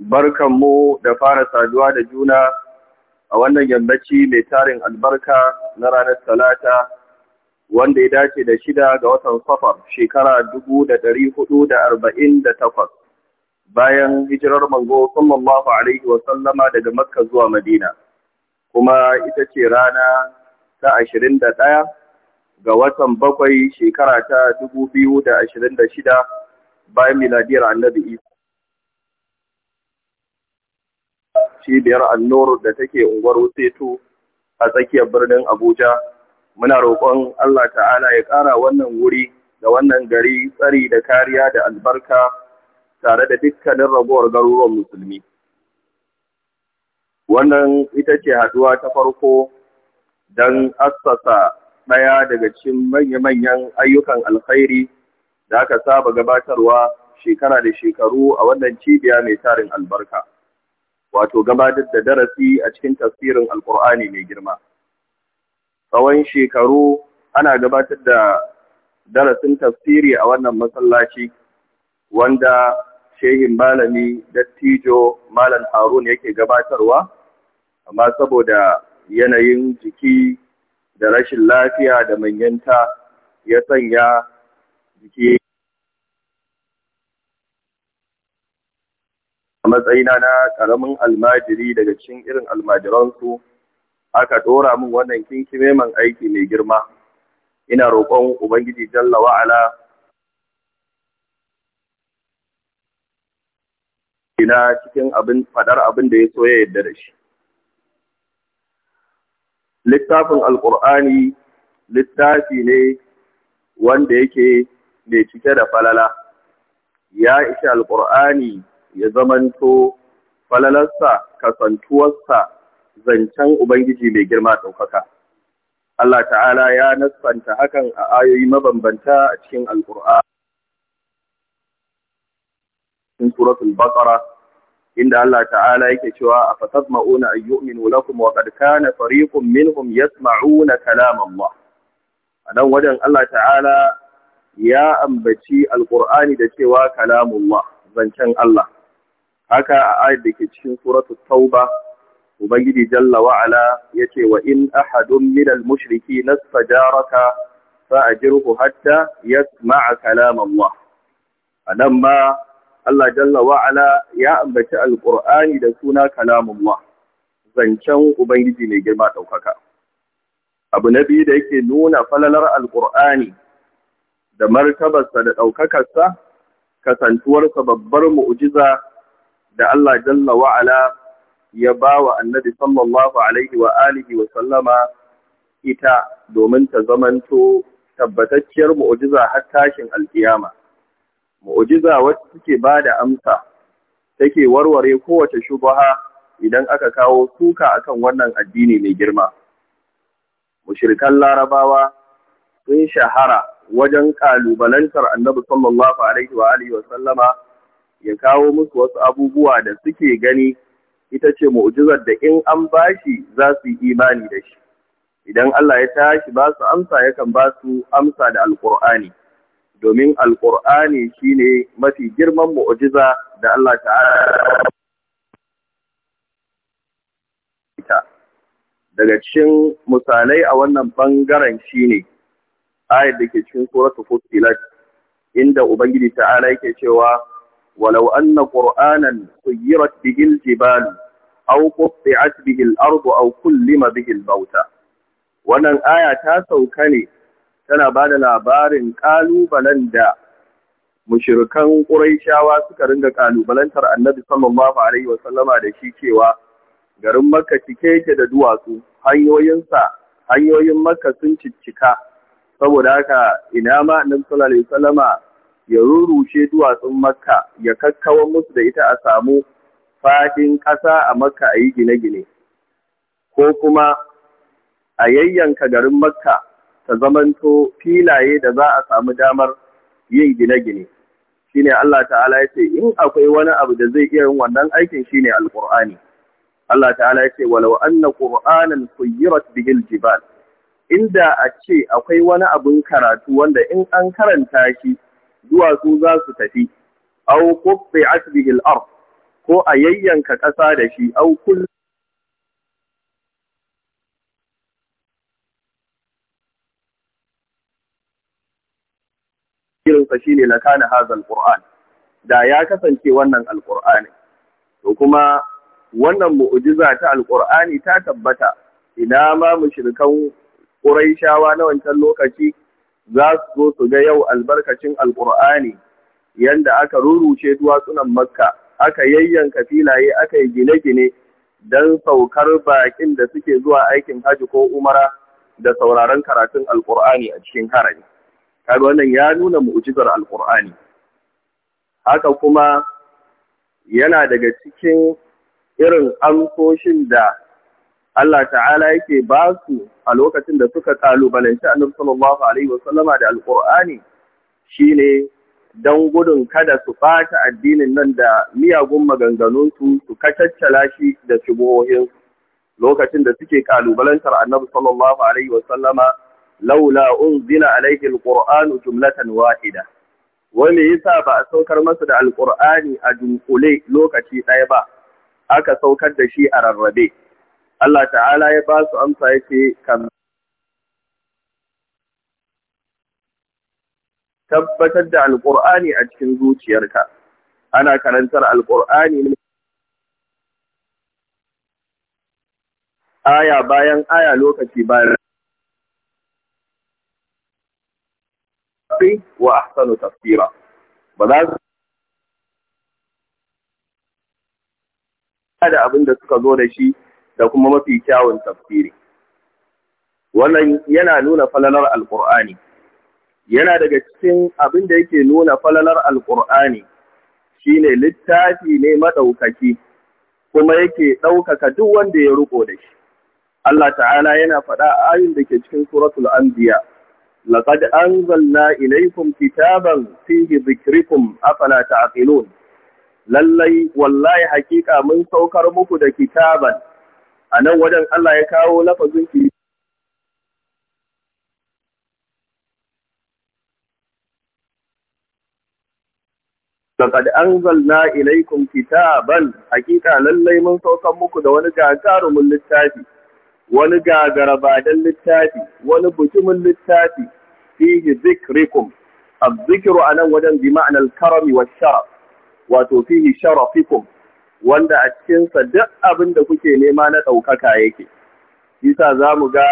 mu da fara saduwa da juna a wannan yammaci mai tarin albarka na ranar talata wanda ya dace da shida ga watan safar shekara dubu da ɗari hudu da arba'in da takwas bayan hijirar mango sallallahu alaihi wa sallama daga makka zuwa madina kuma ita ce rana ta ashirin da ɗaya ga watan bakwai shekara ta dubu biyu da ashirin da shida bayan miladiyar annabi isa cibiyar annor da take unguwar wuseto a tsakiyar birnin abuja muna roƙon allah ta'ala ya ƙara wannan wuri da wannan gari tsari da kariya da albarka tare da dukkanin ragowar garuruwan musulmi wannan ita ce haduwa ta farko don assasa ɗaya daga cikin manya-manyan ayyukan alkhairi da aka saba gabatarwa shekara da shekaru a wannan cibiya mai tarin albarka. wato gabatar da darasi a cikin tafsirin alkur'ani mai girma tsawon shekaru ana gabatar da darasin tafsiri a wannan masallaci wanda shehin malami dattijo malam harun yake gabatarwa amma saboda yanayin jiki da rashin lafiya da manyanta ya sanya jiki matsayina na ƙaramin almajiri daga cikin irin almajiransu aka ɗora min wannan kinkimeman aiki mai girma ina roƙon ubangiji jalla wa'ala ina cikin abin fadar abin da ya so ya yarda da shi littafin alƙur'ani littafi ne wanda yake mai cike da falala ya isha alƙur'ani ya zamanto falalarsa kasantuwarsa zancen Ubangiji mai girma ɗaukaka. Allah ta'ala ya nasanta hakan a ayoyi mabambanta a cikin Al'ur'a. Cikin suratul Baqara inda Allah ta'ala yake cewa a fatas ma'una a yu'minu lakum wa qad kana fariqun minhum yasma'una kalam Allah. A nan wajen Allah ta'ala ya ambaci Al'ur'ani da cewa kalamun kalamullah zancen Allah. haka a ayat da ke cikin suratu tauba ubangiji jalla wa ala yace wa in ahadun min al mushriki nastajaraka fa ajirhu hatta yasma'a kalam Allah anan ma Allah jalla wa ala ya ambaci alqur'ani da suna kalamullah zancen ubangiji mai girma daukaka abu na biyu da yake nuna falalar alqur'ani da martabarsa da daukakarsa kasantuwarsa babbar mu'jiza da Allah jalla wa'ala ya ba wa annabi sallallahu alaihi wa alihi wa sallama ita domin ta zamanto tabbatacciyar mu'ujiza har tashin alkiyama. Mu'ujiza wacce suke ba da amsa, take warware kowace shubaha idan aka kawo suka akan wannan addini mai girma. Mushirikan larabawa sun shahara wajen ƙalubalantar annabi sallallahu alaihi wa alihi wa sallama ya kawo musu wasu abubuwa da suke gani ita ce mu'jizar da in an bashi za su yi imani da shi idan Allah ya tashi ba su amsa yakan ba su amsa da alkur'ani domin alkur'ani shine mafi girman mu'jiza da Allah ta'ala daga cikin misalai a wannan bangaren shine ayar da ke cikin suratul fusilat inda ubangiji ta'ala yake cewa ولو أن قرآنا سيرت به الجبال أو قطعت به الأرض أو كلم به الموتى wannan aya ta sauka ne tana ba da labarin ƙalubalen da mushirikan ƙuraishawa suka ringa ƙalubalantar annabi sallallahu alaihi wasallama da shi cewa garin makka cike yake da duwatsu hanyoyinsa hanyoyin makka sun ciccika saboda haka ina ma annabi sallallahu alaihi wasallama ya rurushe duwatsun Makka ya kakkawa musu da ita a samu fadin ƙasa a Makka a yi gine-gine, ko kuma a yayyanka garin Makka ta zamanto filaye da za a samu damar yin gine-gine. Shine Allah ta'ala ya ce, in akwai wani abu da zai iya yin wannan aikin shine Alƙur'ani. Allah ta'ala ya ce, walau anna Qur'anan suyirat bihil jibal. Inda a ce akwai wani abun karatu wanda in an karanta shi Zuwa su za su tafi au ko bihi asibi hil'ar, ko a yayyanka ƙasa da shi au kullum. irinsa shi ne na kana hazal da ya kasance wannan Alƙur'ani. To kuma wannan mu'ujiza ta Alƙur'ani ta tabbata, ina ma ƙurai shawa na wancan lokaci za su zo su ga yau albarkacin alkur'ani yanda aka rurushe duwatsunan makka aka yayyanka filaye aka yi gine-gine don saukar bakin da suke zuwa aikin hajji ko umara da sauraron karatun alkur'ani a cikin harami kaga wannan ya nuna mu'jizar alkur'ani haka kuma yana daga cikin irin amsoshin da Allah ta'ala yake ba su a lokacin da suka kalubalanci annabi sallallahu alaihi sallama da alqur'ani shine dan gudun kada su ɓata addinin nan da miyagun maganganunsu su kacaccala shi da shubuhohin lokacin da suke kalubalantar annabi sallallahu alaihi wasallama laula unzila alaihi alqur'an jumlatan wahida wai me yasa ba a saukar masa da alqur'ani a dunkule lokaci ɗaya ba aka saukar da shi a rarrabe Allah ta'ala ya ba su amsa yake kan tabbatar da alƙur'ani a cikin zuciyarka ana karantar alƙur'ani ne aya bayan aya lokaci bayan wa ahsanu tafsira ba za su da abin da suka zo da shi da kuma mafi kyawun tafsiri wannan yana nuna falalar alqur'ani yana daga cikin abin da yake nuna falalar alqur'ani shine littafi ne maɗaukaki. kuma yake ɗaukaka duk wanda ya riƙo da shi Allah ta'ala yana faɗa ayin da ke cikin suratul anbiya laqad anzalna ilaykum kitaban fihi dhikrukum afala ta'qilun lallai wallahi hakika mun saukar muku da kitaban a nan wajen Allah ya kawo lafazin ki laqad anzalna ilaykum kitaban hakika lallai mun saukan muku da wani gagarumin littafi wani gagarabadan littafi wani bujumin littafi fihi zikrikum الذكر أنا karami بمعنى الكرم والشرف وتوفيه شرفكم wanda a cikinsa duk abin da kuke nema na ɗaukaka yake. Isa za mu ga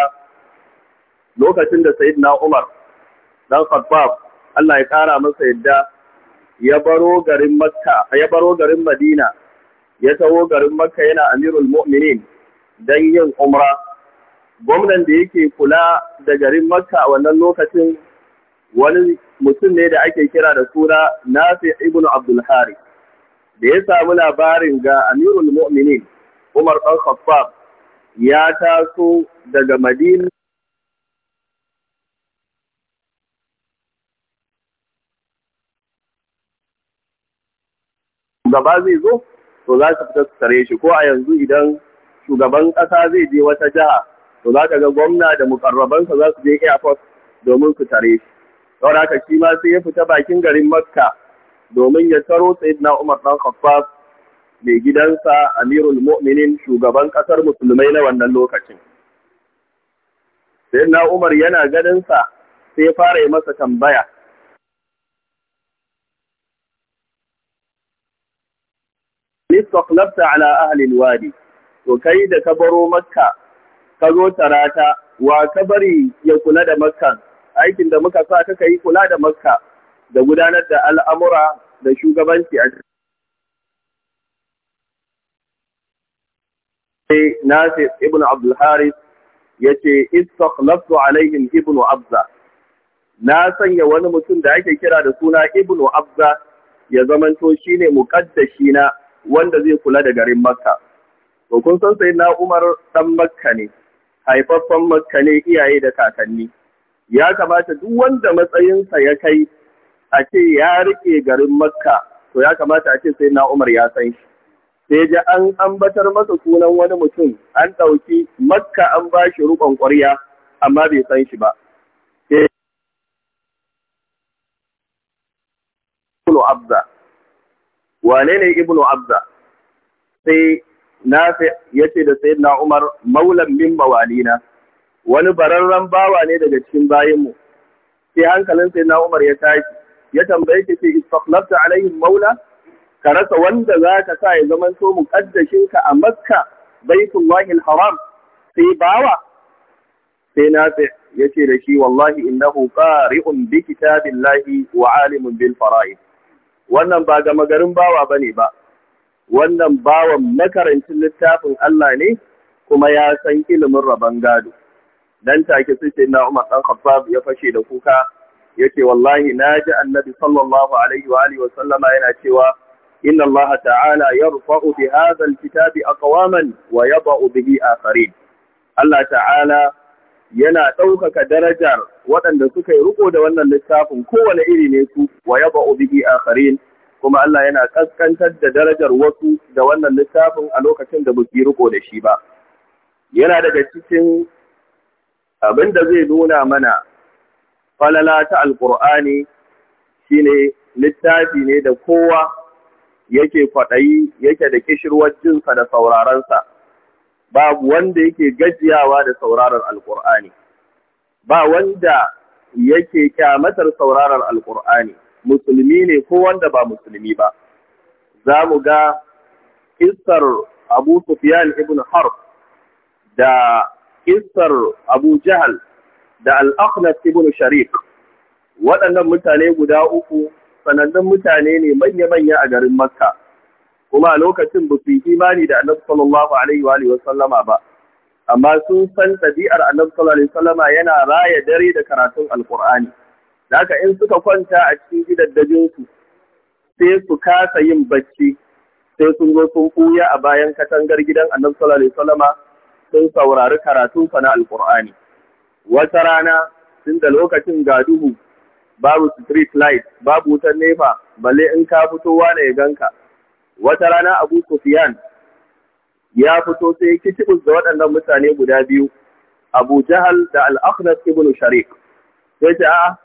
lokacin da na Umar dan Khattab Allah ya ƙara masa yadda ya baro garin Makka, ya baro garin Madina, ya taho garin Makka yana Amirul Mu'minin don yin umra. Gwamnan da yake kula da garin Makka a wannan lokacin wani mutum ne da ake kira da suna Nafi ibn Abdul da ya samu labarin ga Amirul Mu'minin Umar ɗan Khattab ya taso daga Madina Gaba zai zo to za su fita su tare shi ko a yanzu idan shugaban ƙasa zai je wata jiha to za ka ga gwamna da mukarrabansa za su je airport domin su tare shi saboda shi ma sai ya fita bakin garin Makka domin ya taro Sayyidina Umar dan Khattab mai gidansa Amirul Mu'minin shugaban ƙasar musulmai na wannan lokacin. Sayyidina Umar yana ganinsa sai fara yi masa tambaya. Nistaqlabta ala ahalin wadi, to kai da ka baro Makka, ka zo tarata, wa ka bari ya kula da Makkan, aikin da muka sa ka yi kula da Makka, da gudanar da al'amura da shugabanci a Nasir ibn Abdul Haris ya ce, Istakhlaftu alaihim ibn Abza, na sanya wani mutum da ake kira da suna ibn Abza ya zamanto shi ne muƙaddashi na wanda zai kula da garin Makka. To kun san sai na Umar ɗan Makka ne, haifaffen Makka ne iyaye da kakanni. Ya kamata duk wanda matsayinsa ya kai a ce ya rike garin makka to ya kamata a ce sai na umar ya san shi sai ji an ambatar masa sunan wani mutum an ɗauki makka an ba shi rukon ƙwarya amma bai san shi ba eh, wane ne ibnu abza sai na ce da sai na umar maulan min bawalina wani bararren bawa ne daga cikin bayinmu sai hankalin sai na umar ya tashi ya tambaye ka ce istaqlabta alaihim maula ka rasa wanda za ka sa ya zaman so muqaddashin ka a makka baitullahi haram sai bawa sai ya ce da shi wallahi innahu qari'un bi kitabillahi wa alimun bil fara'id wannan ba ga magarin bawa bane ba wannan bawan makarancin littafin Allah ne kuma ya san ilimin rabon gado dan take sai na Umar dan Khattab ya fashe da kuka yace wallahi na ji annabi sallallahu alaihi wa alihi wa sallama yana cewa inna Allah ta'ala yarfa'u bi hadha al-kitabi aqwaman wa yada'u bihi akharin Allah ta'ala yana ɗaukaka darajar waɗanda suka yi riko da wannan littafin kowane iri ne su wa yada'u bihi akharin kuma Allah yana kaskantar da darajar wasu da wannan littafin a lokacin da buki riko da shi ba yana daga cikin abin da zai nuna mana falala ta alƙur'ani shine littafi ne da kowa yake kwaɗayi yake da kishirwar jinsa da saurarensa babu wanda yake gajiyawa da sauraron alƙur'ani ba wanda yake kyamatar sauraron alƙur'ani musulmi ne ko wanda ba musulmi ba za mu ga kissar abu sufyan ibn harb da kissar abu jahal da al-Akhnas ibn Sharik waɗannan mutane guda uku sanannun mutane ne manya-manya a garin Makka kuma a lokacin ba su yi imani da Annabi sallallahu alaihi wa alihi wasallama ba amma sun san ɗabi'ar Annabi sallallahu alaihi wasallama yana raya dare da karatun Alƙur'ani haka in suka kwanta a cikin gidaddajin su sai su kasa yin bacci sai sun zo sun ɓuya a bayan katangar gidan Annabi sallallahu alaihi sun saurari karatunsa na Alƙur'ani wata rana tun da lokacin ga duhu babu street light babu wutar nefa balle in ka fitowa ne ya ganka wata rana Abu Sufyan ya fito sai kitibus da waɗannan mutane guda biyu Abu Jahal da Al-Akhnas ibn Sharik sai ta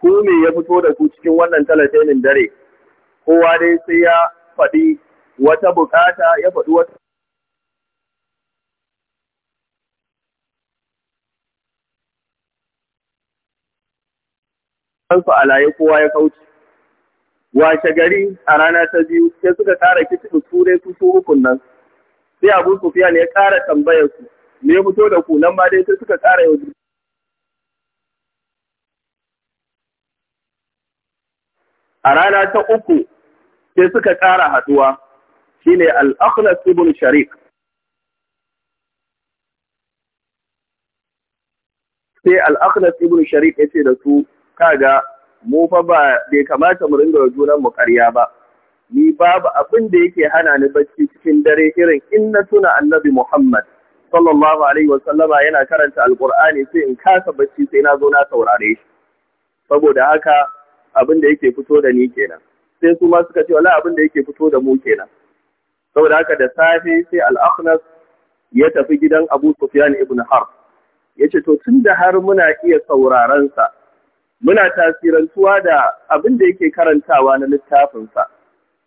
ku me ya fito da ku cikin wannan talatenin dare kowa dai sai ya faɗi wata bukata ya faɗi wata kansu a laye kowa ya kauce. Washe gari a rana ta biyu sai suka ƙara da turai su su hukun nan. Sai Abu Sufyan ya ƙara tambayar su, me fito da ku nan ma dai sai suka ƙara yau A rana ta uku sai suka ƙara haɗuwa shine ne akhlas ibn Sharik. Sai al-Akhlas ibn Sharik ya ce da su kaga mu fa ba bai kamata mu ringa junan mu ƙarya ba ni babu abin da yake hana ni bacci cikin dare irin in na tuna annabi Muhammad sallallahu alaihi wa sallama yana karanta alqur'ani sai in kasa bacci sai na zo na saurare shi saboda haka abin da yake fito da ni kenan sai su ma suka ce wala abin da yake fito da mu kenan saboda haka da safe sai al-Akhnas ya tafi gidan Abu Sufyan ibn Harb yace to tunda har muna iya sauraron sa muna tasirantuwa da abin da yake karantawa na littafinsa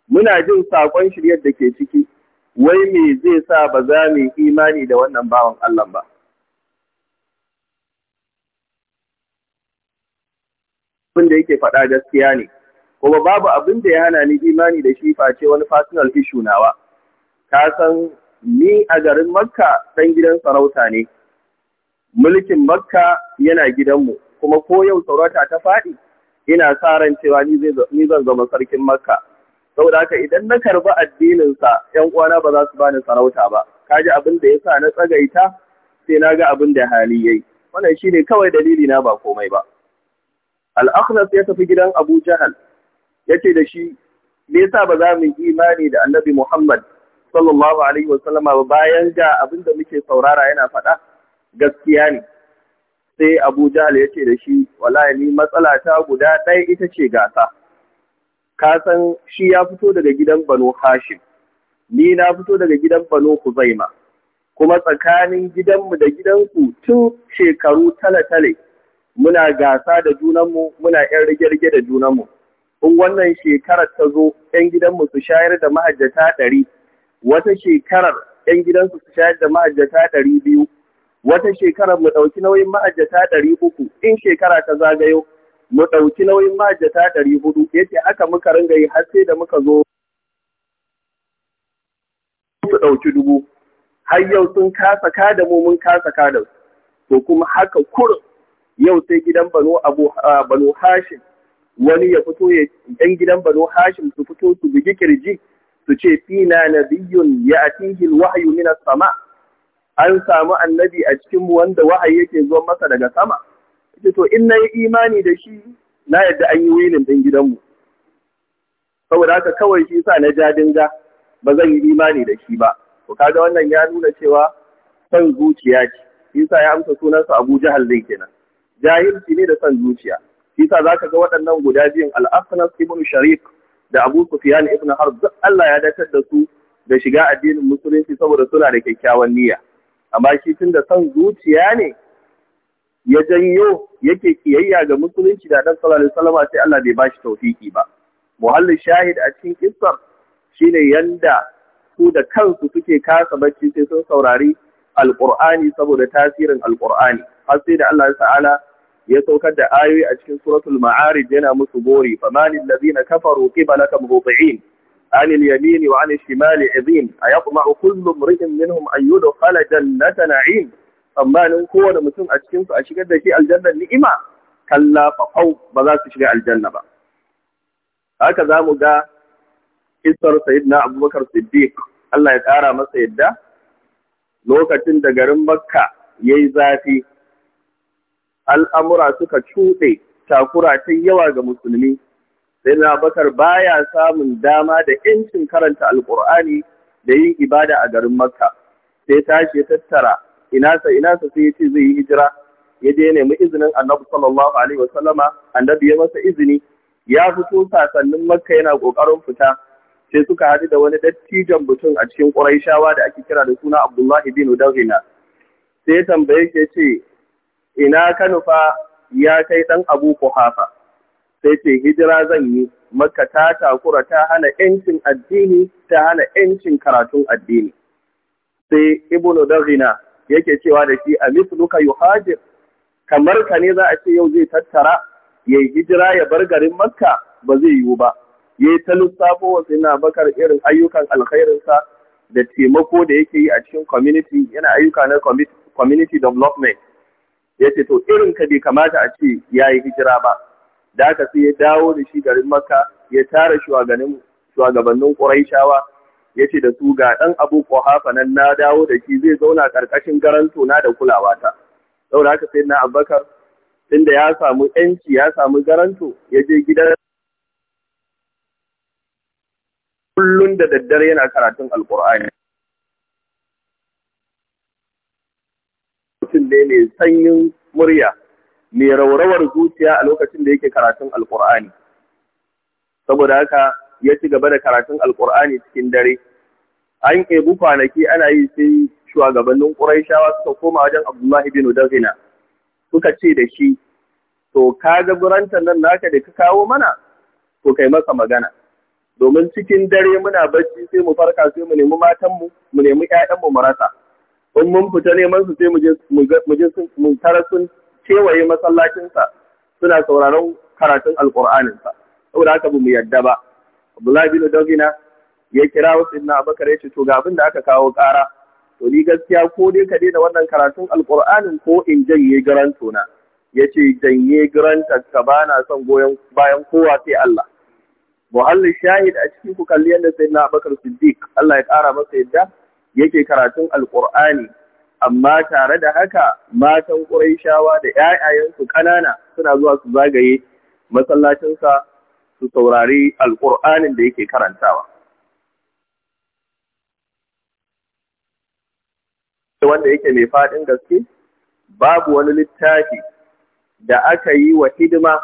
muna jin saƙon shiryar da ke ciki wai me zai sa ba za mu imani da wannan bawan Allah ba abin da yake faɗa gaskiya ne kuma babu abin da ya hana ni imani da shi face wani personal issue nawa ka san ni a garin makka ɗan gidan sarauta ne mulkin makka yana gidanmu kuma ko yau saurata ta faɗi ina sa ran cewa ni zan zama sarkin makka saboda haka idan na karbi addininsa yan uwana ba za su bani sarauta ba kaji abin da yasa na tsagaita sai na ga abin da hali yayi wannan shine kawai dalili na ba komai ba al-akhnas ya tafi gidan Abu Jahal yace da shi me yasa ba za mu imani da Annabi Muhammad sallallahu alaihi wasallama ba bayan ga abin da muke saurara yana faɗa gaskiya ne sai Abu Jahal ya ce da shi wallahi ni matsala ta guda ɗaya ita ce gasa ka san shi ya fito daga gidan Bano Hashim ni na fito daga gidan Bano Kuzaima kuma tsakanin gidanmu da gidanku tun shekaru tale-tale muna gasa da junanmu muna ‘yan rige-rige da junanmu. In wannan shekarar ta zo ‘yan gidanmu su shayar da mahajjata ɗari, wata shekarar ‘yan gidansu su shayar da mahajjata ɗari biyu, wata shekarar mu ɗauki nauyin ma'ajata ɗari uku in shekara ta zagayo mu ɗauki nauyin ma'ajata ɗari hudu yace aka muka ringa yi har sai da muka zo su ɗauki dubu har yau sun kasa ka da mu mun kasa ka da to kuma haka kurin yau sai gidan bano abu bano hashim wani ya fito ya dan gidan bano hashim su fito su bugi kirji su ce fina nabiyyun ya'tihi alwahyu min as-sama' an samu annabi a cikinmu wanda wahayi yake zuwa masa daga sama Ita to in na yi imani da shi na yadda an yi wilin ɗin gidanmu saboda haka kawai shi sa na ja dinga ba zan yi imani da shi ba to kaga wannan ya nuna cewa son zuciya ce shi ya amsa sunansa Abu Jahal din kenan jahilci ne da son zuciya shi sa ka ga waɗannan guda biyun Al-Asnas ibn Sharik da Abu Sufyan ibn Harb Allah ya datar da su da shiga addinin musulunci saboda suna da kyakkyawan niyya amma shi tun da son zuciya ne ya janyo yake kiyayya ga musulunci da dan sallallahu alaihi wasallam sai Allah bai bashi tawfiki ba muhallin shahid a cikin kissar shine yanda su da kansu suke kasa bacci sai sun saurari alqur'ani saboda tasirin alqur'ani har sai da Allah ta'ala ya saukar da ayoyi a cikin suratul ma'arij yana musu gori famanil ladina kafaru qibalaka muhti'in Shimali a kullum عن اليمين وعن الشمال عظيم أيطمع كل امرئ mutum a cikin su a أما نكون متم أشكين ni'ima شيء الجنة baza su shiga aljanna ba. Haka با. هكذا مدى kisar sayyidina abubakar siddiq Allah ya ƙara masa yadda lokacin da garin makka ya yi zafi al'amura suka cuɗe takura ta yawa ga musulmi sai na bakar baya samun dama da ‘yancin karanta alkur'ani da yin ibada a garin makka sai tashi tattara inasa inasa sai ya ce zai yi hijira ya je nemi izinin annabi sallallahu alaihi sallama annabi ya masa izini ya fito sasannin makka yana ƙoƙarin fita sai suka haɗu da wani dattijon mutum a cikin ƙuraishawa da ake kira da suna abdullahi bin dawhina sai tambaye ke ce ina ka nufa ya kai ɗan abu kuhafa sai ce hijira zan yi makka ta takura ta hana yancin addini ta hana yancin karatun addini sai ibnu daghina yake cewa da shi a misluka yuhajir kamar ka ne za a ce yau zai tattara ya yi hijira ya bar garin makka ba zai yiwu ba ya yi ta lissafo wasu yana bakar irin ayyukan alkhairinsa da taimako da yake yi a cikin community yana ayyuka na community development ya ce to irin ka bai kamata a ce ya yi hijira ba da aka sai ya dawo da shi garin makka ya tara shugabannin ƙuraishawa ya ce da su ga dan abu ƙwahafa nan na dawo da shi zai zauna ƙarƙashin garanto na da kulawa ta saboda haka sai na abubakar inda ya samu yanci ya samu garanto ya je gidan kullum da daddare yana karatun alƙur'ani mutum ne mai sanyin murya mai raurawar zuciya a lokacin da yake karatun alkur'ani saboda haka ya ci gaba da karatun alkur'ani cikin dare an kebu kwanaki ana yi sai shugabannin ƙuraishawa suka koma wajen abdullahi bin udazina suka ce da shi to ka ga burantar nan naka da ka kawo mana to kai masa magana domin cikin dare muna barci sai mu farka sai mu nemi matanmu mu nemi ƴaƴanmu mu rasa in mun fita neman su sai mu je mu je sun tara sun kewaye masallacinsa suna sauraron karatun alƙur'aninsa saboda haka ba mu yadda ba Abdullahi bin dogina ya kira wasu ibn Abubakar ya ce to ga da aka kawo ƙara to ni gaskiya ko dai ka da wannan karatun alƙur'anin ko in janye garanto na ce janye garanta ka na son goyon bayan kowa sai Allah muhallin shahid a cikin ku kalli yadda sayyidina Abubakar Siddiq Allah ya ƙara masa yadda yake karatun alƙur'ani amma tare da haka matan ƙuraishawa da ‘ya'yayensu ƙanana suna zuwa su zagaye masallacinsa su saurari alƙur'anin da yake karantawa. Wanda yake mai faɗin gaske, babu wani littafi da aka yi wa hidima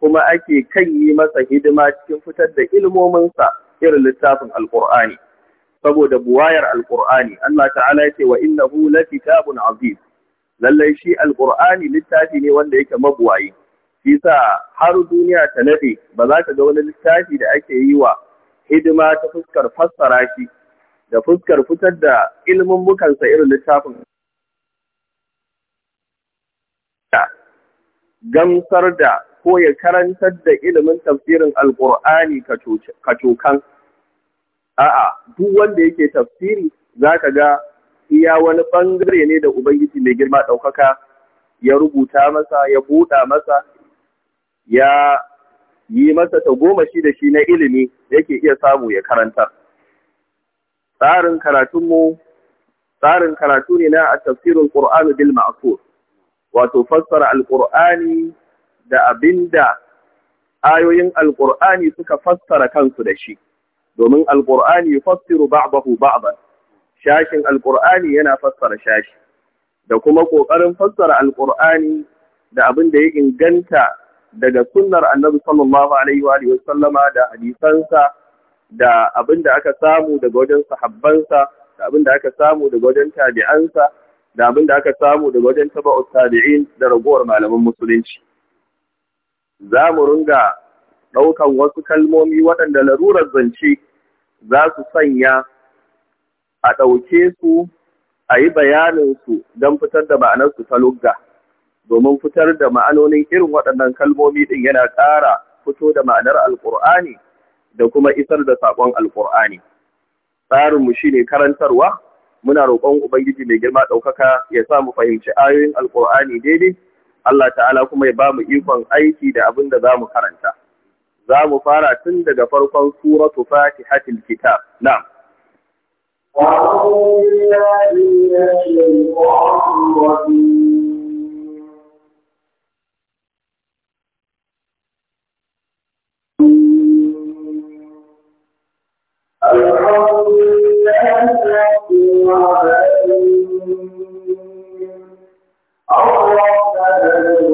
kuma ake kan yi masa hidima cikin fitar da ilmominsa irin littafin alƙur'ani. saboda buwayar Alƙur'ani, Allah ta'ala ya ce wa innahu kitabun aziz lallai shi alqur'ani littafi ne wanda yake mabuwayi shi sa har duniya ta nade ba za ka ga wani littafi da ake yi wa hidima ta fuskar fassara shi da fuskar fitar da ilmin bukansa irin littafin gamsar da ko ya karantar da ilimin tafsirin alqur'ani kacokan a'a duk wanda yake tafsiri ka ga iya wani ɓangare ne da ubangiji mai girma ɗaukaka ya rubuta masa ya buɗa masa ya yi masa tagomashi da shi na ilimi yake iya samu ya karanta tsarin karatunmu tsarin karatu ne na a tafsirin ƙur'anu bil ma'asur wato fassara alƙur'ani da abinda ayoyin alƙur'ani suka fassara kansu da shi domin ya Fassiru ba'dahu ba'dan shashin Alƙur'ani yana fassara shashi da kuma kokarin fassara Alƙur'ani da abin da ya inganta daga sunnar annabi sallallahu alaihi wa alihi sallama da hadisansa da abin da aka samu daga wajen sahabbansa da abin da aka samu daga wajen tabi'ansa da abin da aka samu daga wajen tabau tabi'in da ragowar malaman musulunci za mu ringa ɗaukan wasu kalmomi waɗanda larurar zance za su sanya a ɗauke su a yi bayaninsu don fitar da ma'anarsu ta lugga domin fitar da ma'anonin irin waɗannan kalmomi ɗin yana ƙara fito da ma'anar alƙur'ani da kuma isar da saƙon alƙur'ani tsarinmu shi ne karantarwa muna roƙon ubangiji mai girma ɗaukaka ya sa mu fahimci ayoyin alƙur'ani daidai Allah ta'ala kuma ya ba mu ikon aiki da abin da za mu karanta. za mu fara tun daga farkon suratu fatihatil kitab na'am وأعوذ بالله من الشيطان الرجيم الحمد لله رب العالمين الرحمن الرحيم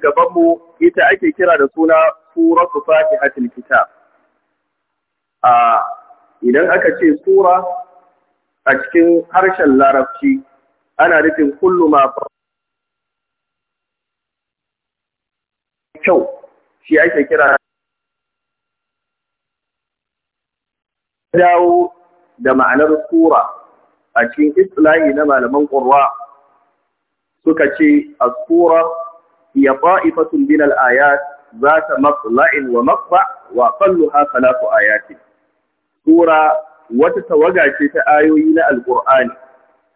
gabanmu ita ake kira da suna suratu fatihatul kitab a idan aka ce sura a cikin harshen larabci ana nufin kullu ma kyau shi ake kira dawo da ma'anar sura a cikin islahi na malaman ƙurwa suka ce a sura Iyabba, ifatun, bin al'ayya za ta mafula'in wa maɓɓa wa falo hakalaku ayacin. Sura wata tawaga ce ta ayoyi na Alkur'ani,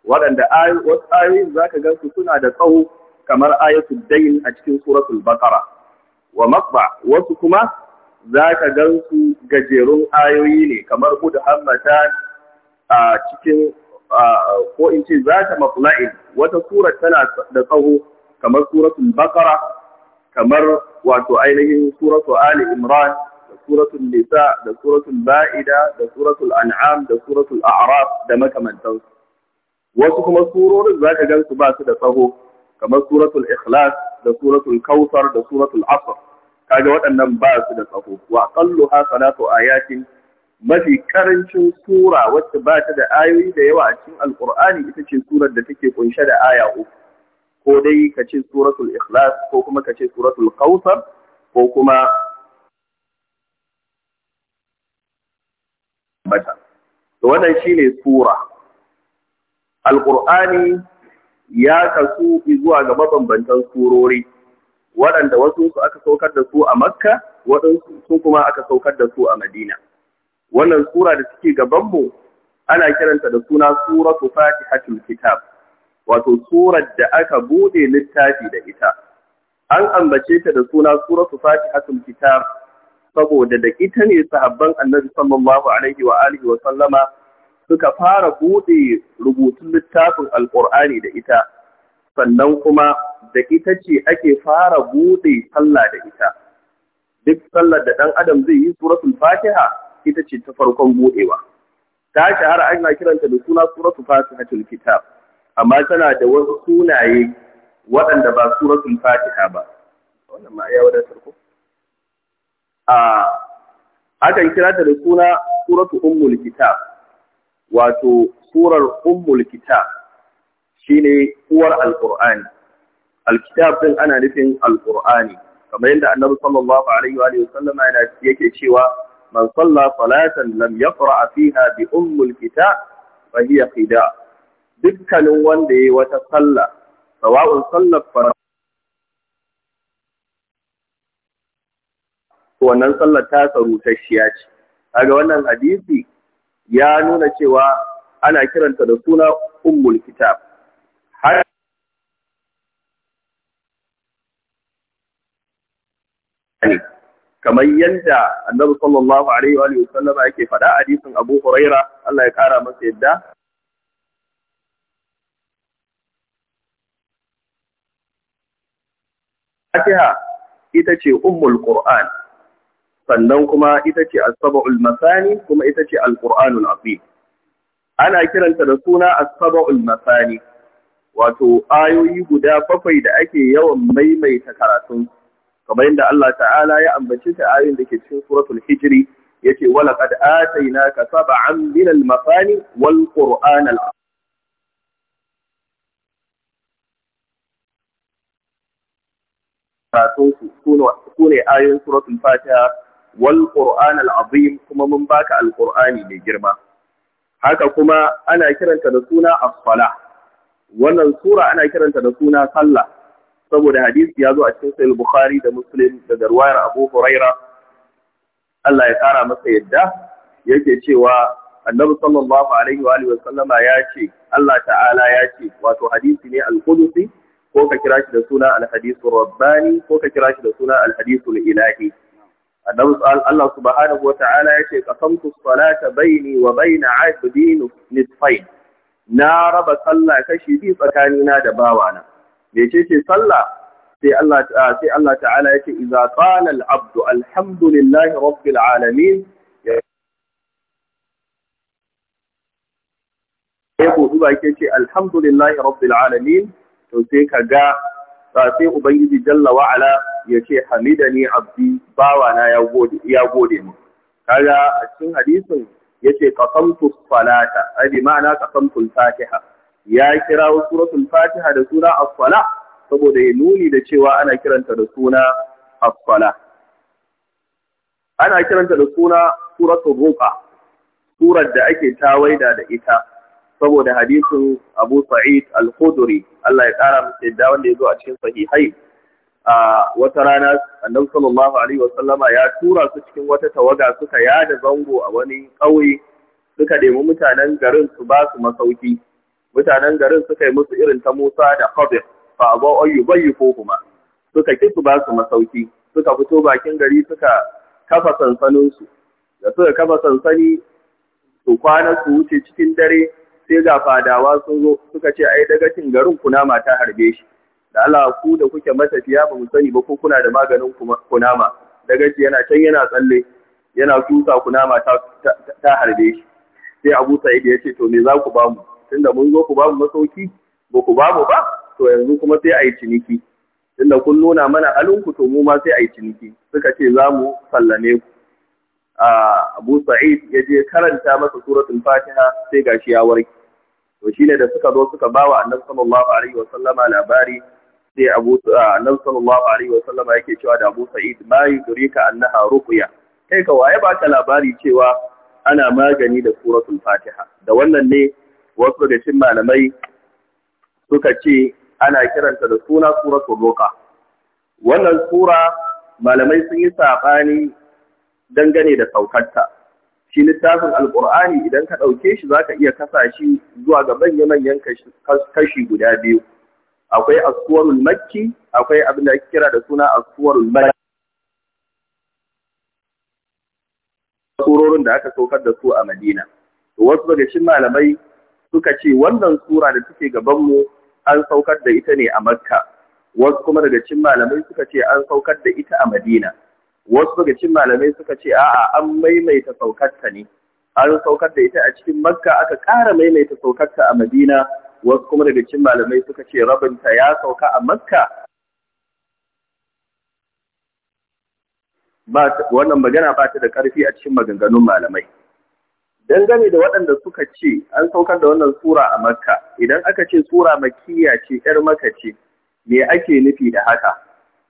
waɗanda wasu ayoyin za ka gansu suna da tsaho kamar ayyatu dai a cikin suratulbakara, wa maɓɓa wasu kuma za ka gansu gajerun ayoyi ne kamar gudu harmata a cikin ko'incin, za ta mafula'in wata surat tana da tsaho. kamar suratul bakara kamar wato ainihin suratul ali imran da suratul nisa da suratul ba'ida da suratul an'am da suratul a'raf da makamantansu wasu kuma surorin zaka gan su ba su da tsaho kamar suratul ikhlas da suratul Kausar, da suratul asr kaga waɗannan ba su da tsaho wa aqalluha salatu ayatin mafi karancin sura wacce ba ta da ayoyi da yawa a cikin Alƙur'ani, ita ce surar da take kunshe da aya uku ko dai ka ce suratul ikhlas ko kuma ka ce suratul kautsar ko kuma bata to wannan shine sura alqur'ani ya kasu zuwa ga mabambantan surori waɗanda wasu su aka saukar da su a makka waɗansu su kuma aka saukar da su a madina wannan sura da suke gabanmu ana kiranta da suna suratu fatihatul kitab wato surar da aka bude littafi da ita an ambace ta da suna suratu fatihatul kitab saboda da ita ne sahabban annabi sallallahu alaihi wa alihi wa sallama suka fara bude rubutun littafin alqur'ani da ita sannan kuma da ita ce ake fara bude sallah da ita duk sallar da dan adam zai yi suratul fatiha ita ce ta farkon budewa ta shahara ana kiranta da suna suratu fatihatul kitab amma tana da wasu sunaye waɗanda ba suratun fatiha ba wannan ma ya wadatar ko a akan kira ta da suna suratu ummul wato surar Umul'kita, kitab shine uwar alur'ani alkitab din ana nufin alqur'ani kamar yadda annabi sallallahu alaihi wa sallama yana yake cewa man salla salatan lam yaqra fiha bi ummul kitab fa hiya qida' dukkanin wanda ya yi wata sallah, sawa'un sallar fara. Wannan sallar ta ta shiya ce, daga wannan hadisi ya nuna cewa ana kiranta da suna ummul kitab. Har kamar yadda annabi sallallahu alaihi wa sallama yake faɗa hadisin Abu Hurairah Allah ya kara masa yadda Fatiha ita ce ummul Qur'an sannan kuma ita ce as masani kuma ita ce al azim ana kiranta da suna as-sab'ul masani wato ayoyi guda bakwai da ake yawan maimaita karatun kamar yadda Allah ta'ala ya ambaci ta ayoyin da ke cikin suratul hijri yace walaqad atainaka sab'an minal masani wal qur'anal katunsu su ne ayoyin suratul fatiha wal qur'an al azim kuma mun baka al qur'ani mai girma haka kuma ana kiranta da suna as-salah wannan sura ana kiranta da suna sallah saboda hadisi ya zo a cikin sahih bukhari da muslim daga ruwayar abu huraira Allah ya kara masa yadda yake cewa annabi sallallahu alaihi wa alihi wa sallama ya ce Allah ta'ala ya ce wato hadisi ne al-qudusi ko ka kira shi da suna alhadisu rabbani ko ka kira shi da suna alhadisu ilahi Allah subhanahu wata'ala ya ce qasamtu salata baini wa baina abdi nisfain na raba sallah kashi bi tsakanina da bawana mece ce sallah sai Allah sai Allah ta'ala ya ce idza qala al-abdu alhamdulillahi rabbil alamin ya ko duba ce alhamdulillahi rabbil alamin to sai ka ga sai ubangiji jalla wa ala ya ce hamidani abdi na ya gode ya gode mu kaga a cikin hadisin yace qasamtu salata ai bi ma'ana qasamtu fatiha ya kira suratul fatiha da sura as-sala saboda ya nuni da cewa ana kiranta da suna as-sala ana kiranta da suna suratul ruqa surar da ake tawaida da ita saboda hadisin Abu Sa'id Al-Khudri Allah ya kara musu yadda wanda ya zo a cikin sahihai a wata rana Annabi sallallahu alaihi wasallama ya tura su cikin wata tawaga suka yada zango a wani ƙauye suka nemi mutanen garin su ba su masauki mutanen garin suka yi musu irin ta Musa da Khadir fa abu ko kuma suka ki su ba su masauki suka fito bakin gari suka kafa sansaninsu da suka kafa sansani su kwana su wuce cikin dare sai ga fadawa sun zo suka ce ai dagacin garin kunama ta harbe shi da Allah ku da kuke matafiya ba mu sani ba ko kuna da maganin kunama dagaci yana can yana tsalle yana tuka kunama ta ta harbe shi sai Abu Sa'id ya ce to me za ku ba mu tunda mun zo ku ba mu masauki ba ku ba mu ba to yanzu kuma sai a yi ciniki tunda kun nuna mana alunku to mu ma sai a yi ciniki suka ce za mu sallame ku Abu Sa'id ya je karanta masa suratun Fatiha sai gashi ya warke to shine da suka zo suka bawa Annabi sallallahu alaihi sallama labari sai Abu Annabi sallallahu alaihi sallama yake cewa da Abu Sa'id ma yudrika annaha ruqya kai ka waye baka labari cewa ana magani da suratul Fatiha da wannan ne wasu da cikin malamai suka ce ana kiranta da suna suratul Ruqa wannan sura malamai sun yi sabani dangane da saukarta. Shi littafin Alƙur'ani idan ka ɗauke shi za ka iya kasa shi zuwa ga manya-manyan kashi guda biyu. Akwai askuwarul makki, akwai abin da ake kira da suna askuwarul makki. Surorin da aka saukar da su a Madina. Wasu daga shi malamai suka ce wannan sura da suke gabanmu an saukar da ita ne a Makka. Wasu kuma daga cikin malamai suka ce an saukar da ita a Madina. wasu daga cikin malamai suka ce a'a an maimaita saukarta ne an saukar da ita a cikin makka aka ƙara maimaita saukarta a madina wasu kuma daga cikin malamai suka ce rabinta ya sauka a makka wannan magana ba ta da ƙarfi a cikin maganganun malamai dangane da waɗanda suka ce an saukar da wannan sura a makka idan aka ce sura makkiya ce 'yar maka ce me ake nufi da haka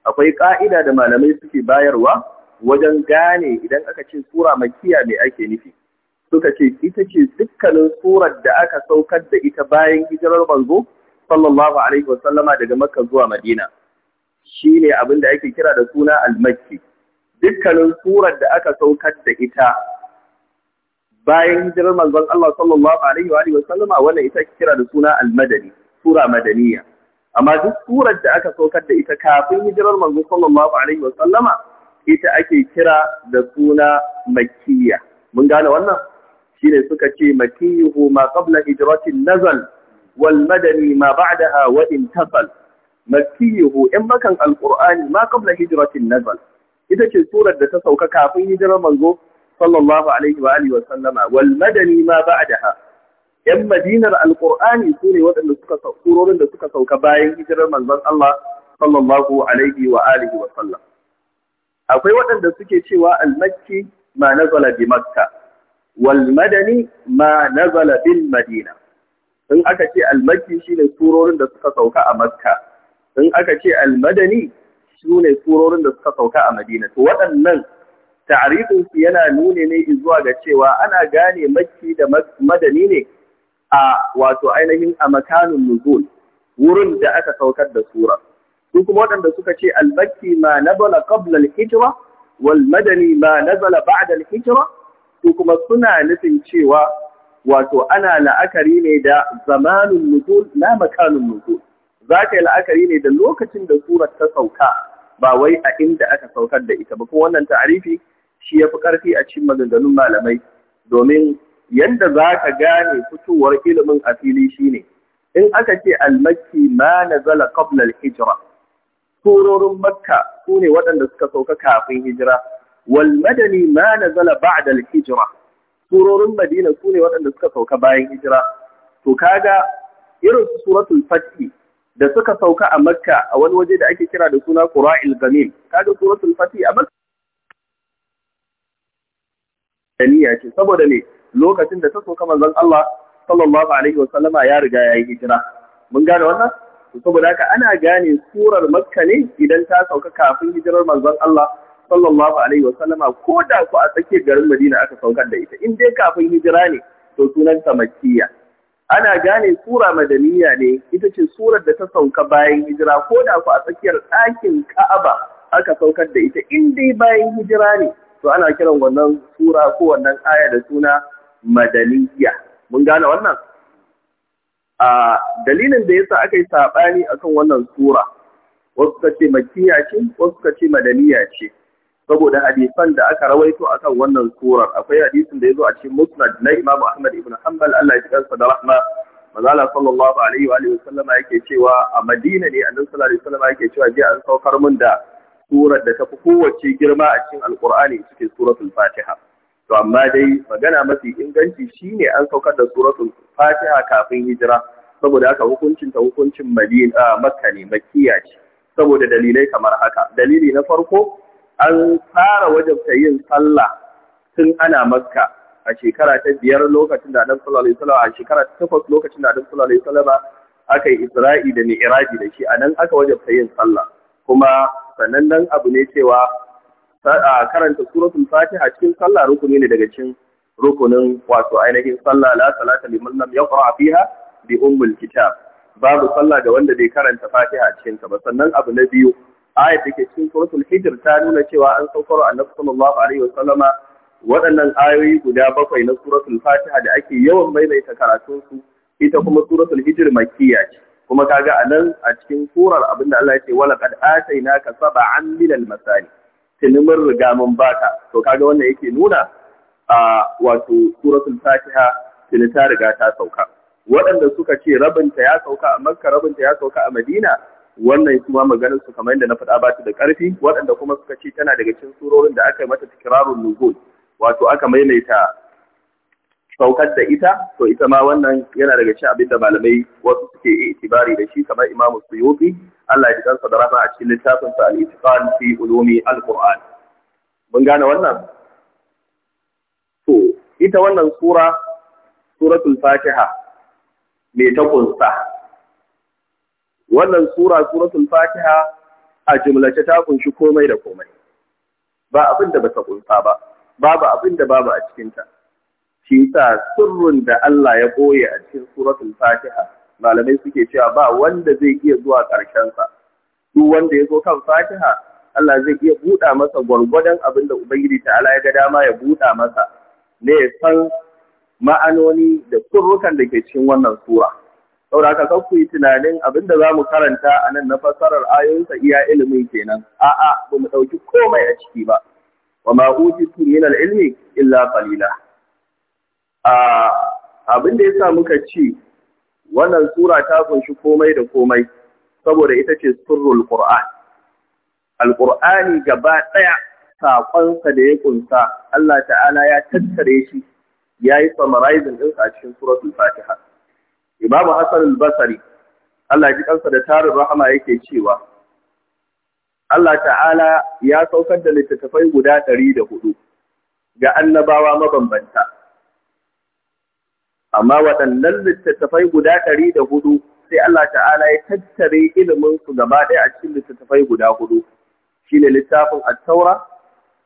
akwai ƙa'ida da malamai suke bayarwa wajen gane idan aka ce sura makiya mai ake nufi. Suka ce ita ce dukkanin surar da aka saukar da ita bayan hijirar manzo sallallahu alaihi wa sallama, daga Makka zuwa Madina. Shi ne abin da ake kira da suna al-Makki. Dukkanin surar da aka saukar da ita bayan hijirar manzon Allah sallallahu alaihi wa sallama wannan ita ake kira da suna al-Madani, sura madaniya. amma duk surar da aka saukar da ita kafin hijirar manzo sallallahu alaihi wa sallama ita ake kira da suna makkiya mun gane wannan shine suka ce makkiyu ma qabla hijratin nazal wal madani ma ba'daha wa intasal makkiyu in bakan alqur'ani ma qabla hijratin nazal ita ce surar da ta sauka kafin hijirar manzo sallallahu alaihi wa alihi wa sallama wal madani ma ba'daha yan madinar alqur'ani su ne waɗanda suka surorin da suka sauka bayan hijirar manzon Allah sallallahu alaihi wa alihi wa sallam akwai waɗanda suke cewa almakki ma nazala bi makka wal madani ma nazala bil madina in aka ce almakki shi ne surorin da suka sauka a makka in aka ce almadani shi ne surorin da suka sauka a madina to waɗannan ta'arifin yana nuni ne zuwa ga cewa ana gane makki da madani ne a wato ainihin a makanin nuzul wurin da aka saukar da sura su kuma waɗanda suka ce albaki ma na qabla al-hijra wal madani ma nazala ba'da al-hijra su kuma suna nufin cewa wato ana la'akari ne da zamanin nuzul na makanin nuzul za ka yi la'akari ne da lokacin da surar ta sauka ba wai a inda aka saukar da ita ba kuma wannan ta'arifi shi ya fi ƙarfi a cikin maganganun malamai domin yanda za ka gane fitowar ilimin a fili shine in aka ce al-makki ma nazala qabla al-hijra surorin makka su ne waɗanda suka sauka kafin hijira wal madani ma nazala ba'da al-hijra surorin madina su ne waɗanda suka sauka bayan hijira to kaga irin suratul fatih da suka sauka a makka a wani waje da ake kira da suna qura'il ghamim kaga suratul fatih a makka ce saboda ne lokacin da ta soka manzon Allah sallallahu alaihi wa sallama ya riga ya yi hijira mun gane wannan saboda haka ana gane surar makka ne idan ta sauka kafin hijirar manzon Allah sallallahu alaihi wa sallama ko da ku a tsakiyar garin Madina aka saukar da ita in dai kafin hijira ne to sunanta makkiya ana gane sura madaniya ne ita ce surar da ta sauka bayan hijira ko da ku a tsakiyar ɗakin Ka'aba aka saukar da ita in dai bayan hijira ne to ana kiran wannan sura ko wannan aya da suna madaniyya mun gane wannan a dalilin da yasa aka yi sabani akan wannan sura wasu ka ce makkiya ce wasu ka ce madaniya ce saboda hadisan da aka rawaito akan wannan surar akwai hadisin da yazo a cikin musnad na Imam Ahmad ibn Hanbal Allah ya ji kansa da rahma manzala sallallahu alaihi wa alihi wasallama yake cewa a Madina ne annabi sallallahu alaihi wasallama yake cewa je an saukar mun da surar da fi kowace girma a cikin Alqur'ani cikin suratul Fatiha to amma dai magana mafi inganci shine an saukar da suratul fatiha kafin hijira saboda haka hukuncin ta hukuncin madina ah, makka ne makkiya ce saboda dalilai kamar haka dalili na farko an fara wajabta yin sallah tun ana makka a shekara ta biyar lokacin da annabi sallallahu alaihi wasallam a shekara ta takwas lokacin da annabi sallallahu alaihi wasallam aka yi isra'i da mi'raji da shi anan aka wajabta yin sallah kuma sanannen abu ne cewa A karanta suratul fatiha cikin sallah rukuni ne daga cikin rukunin wato ainihin sallah la salata liman lam yaqra fiha bi ummul kitab babu sallah da wanda bai karanta fatiha cikin ta ba sannan abu na biyu ayat cikin suratul hijr ta nuna cewa an saukar annabi sallallahu alaihi wasallama waɗannan ayoyi guda bakwai na suratul fatiha da ake yawan maimaita karatun su ita kuma suratul hijr makkiya ce kuma kaga anan a cikin surar abinda Allah ya ce wala qad atainaka sab'an minal masani tunumin riga mun to kaga wannan yake nuna a wato suratul fatiha tuni ta riga ta sauka waɗanda suka ce rabinta ya sauka a makka rabinta ya sauka a madina wannan kuma maganar su kamar yadda na faɗa ba da ƙarfi waɗanda kuma suka ce tana daga cikin surorin da aka yi mata tikrarun nuzul wato aka maimaita saukar da ita to ita ma wannan yana daga cikin abin da malamai wasu suke itibari da shi kamar Imam Suyuti Allah ya kansa da rafa a cikin littafin sa al-Itqan fi ulumi al-Qur'an mun gane wannan to ita wannan sura suratul Fatiha me ta kunsa wannan sura suratul Fatiha a jumlace ta kunshi komai da komai ba abin da ba ta kunsa ba babu abin da babu a cikinta shi yasa sirrin da Allah ya boye a cikin suratul Fatiha malamai suke cewa ba wanda zai iya zuwa ƙarshen sa duk wanda ya zo kan Fatiha Allah zai iya buɗa masa gwargwadon abinda da Ubangiji ta'ala ya ga dama ya buɗa masa ne ya san ma'anoni da surrukan da ke cikin wannan sura. saboda haka kan ku yi tunanin abin da za karanta a nan na fassarar ayoyinsa iya ilimin kenan a'a ba mu ɗauki komai a ciki ba wa ma ujitu min ilmi illa qalila abin da sa muka ci wannan sura ta kunshi komai da komai saboda ita ce surrul qur'an alqur'ani gaba daya saƙonsa da ya kunsa Allah ta'ala ya tattare shi yayi yi summarizing din a cikin suratul fatiha imamu hasan al-basri Allah ji kansa da tarin rahama yake cewa Allah ta'ala ya saukar da littattafai guda ɗari da hudu ga annabawa mabambanta amma waɗannan littattafai guda ɗari da hudu sai Allah ta'ala ya tattare ilimin su gaba ɗaya a cikin littattafai guda hudu shine littafin attaura,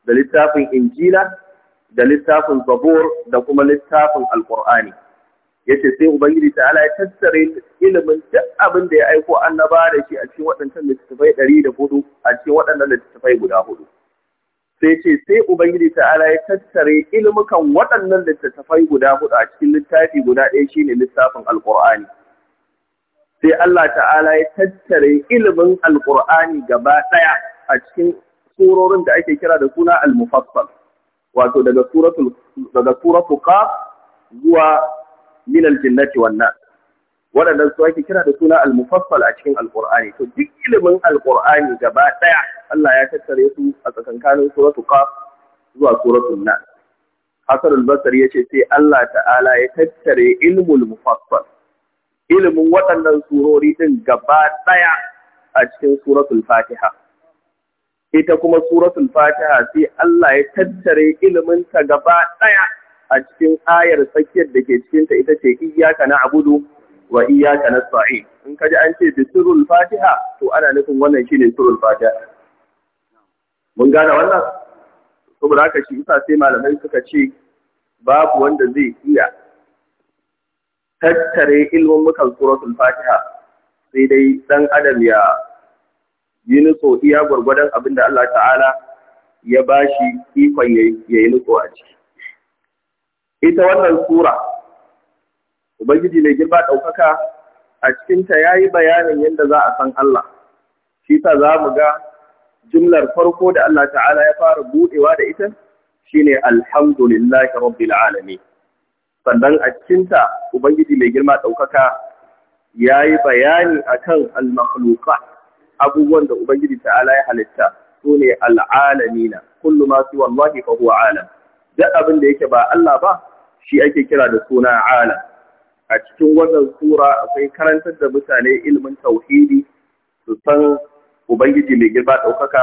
da littafin injila da littafin zabur da kuma littafin Ya yace sai ubangiji ta'ala ya tattare ilimin duk abin da ya aiko annaba da shi a cikin waɗannan littattafai ɗari da hudu a cikin waɗannan littattafai guda hudu sai ce sai ubangiji ta'ala ya tattare ilmukan waɗannan littattafai guda hudu a cikin littafi guda ɗaya shine littafin Alƙur'ani. sai Allah ta'ala ya tattare ilimin Alƙur'ani gaba ɗaya a cikin surorin da ake kira da suna al-mufassal wato daga suratul daga suratul qaf zuwa min al-jinnati wan waɗannan su ake kira da suna al-mufassal a cikin Alƙur'ani, to duk ilimin Alƙur'ani gaba ɗaya Allah ya tattare su a tsakankanin suratu qaf zuwa suratul nas Hassan al-Basri yace sai Allah ta'ala ya tattare ilmul mufassal ilimin waɗannan surori din gaba ɗaya a cikin suratul Fatiha ita kuma suratul Fatiha sai Allah ya tattare ilimin ta gaba ɗaya a cikin ayar tsakiyar da ke cikin ta ita ce iyyaka na'budu wa iyyaka nasta'in in kaji an ce bi surul fatiha to ana nufin wannan shine surul fatiha mun gane wannan saboda haka shi isa sai malamai suka ce babu wanda zai iya tattare ilmin mukan suratul fatiha sai dai dan adam ya yi nutso iya gwargwadon abin da Allah ta'ala ya bashi ikon ya yi nutso a ciki ita wannan sura Ubangiji mai girma ɗaukaka a cikinta ya yi bayanin yadda za a san Allah, shi ta za mu ga jimlar farko da Allah ta'ala ya fara buɗewa da ita shine ne alhamdulillahi rabbil alami. Sannan a cikinta Ubangiji mai girma ɗaukaka ya yi bayani a kan almakhluka abubuwan da Ubangiji ta'ala ya halitta su ne al'alamina, kullu ma siwa fa huwa alam. Duk abin da yake ba Allah ba, shi ake kira da suna alam. a cikin wannan sura akwai karantar da mutane ilimin tauhidi su san ubangiji mai girma ɗaukaka